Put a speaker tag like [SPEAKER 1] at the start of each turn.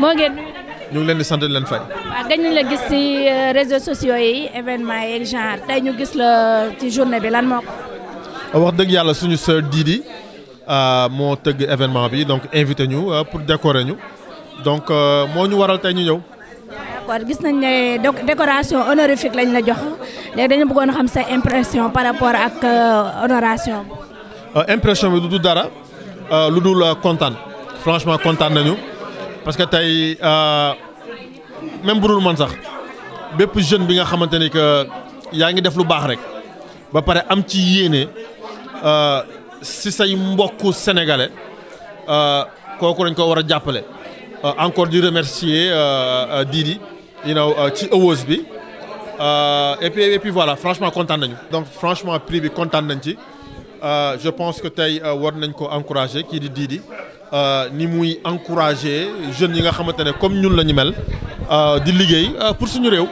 [SPEAKER 1] moo ngeen nuyu
[SPEAKER 2] ñu ngi leen di sant leen fay.
[SPEAKER 1] waaw gañ la gis ci euh, réseaux sociaux yi événement yeeg genre tey ñu gis la ci journée bi lan moo ko.
[SPEAKER 3] Euh, wax dëgg yàlla suñu sœur Didi euh, moo tëgg événement bi donc invité ñu pour décorer ñu donc moo ñu waral tey ñu yow
[SPEAKER 4] d'accord gis nañ ne décoration honorifique lañ la jox léegi dañu bëggoon xam sa impression par rapport ak honoration.
[SPEAKER 3] impression bi du dara lu dul kontaan franchement kontaan nañu. parce que tey euh, même bu man sax bépp jeune bi nga xamante ni que yaa ngi def lu baax rek ba pare am ci yéene euh, si say mbokku sénégalais euh, kooku dañ ko war a jàppale. encore di remercier Didi you ci awoos bi et puis et puis voilà franchement kontaan nañu. donc franchement prix bi kontaan nañ ci je pense que tey war nañ ko encourager kii di Didi. Euh, ni muy encourager jeunes yi nga xamante ne comme ñun la ñu mel euh, di liggéey euh, pour suñu réew.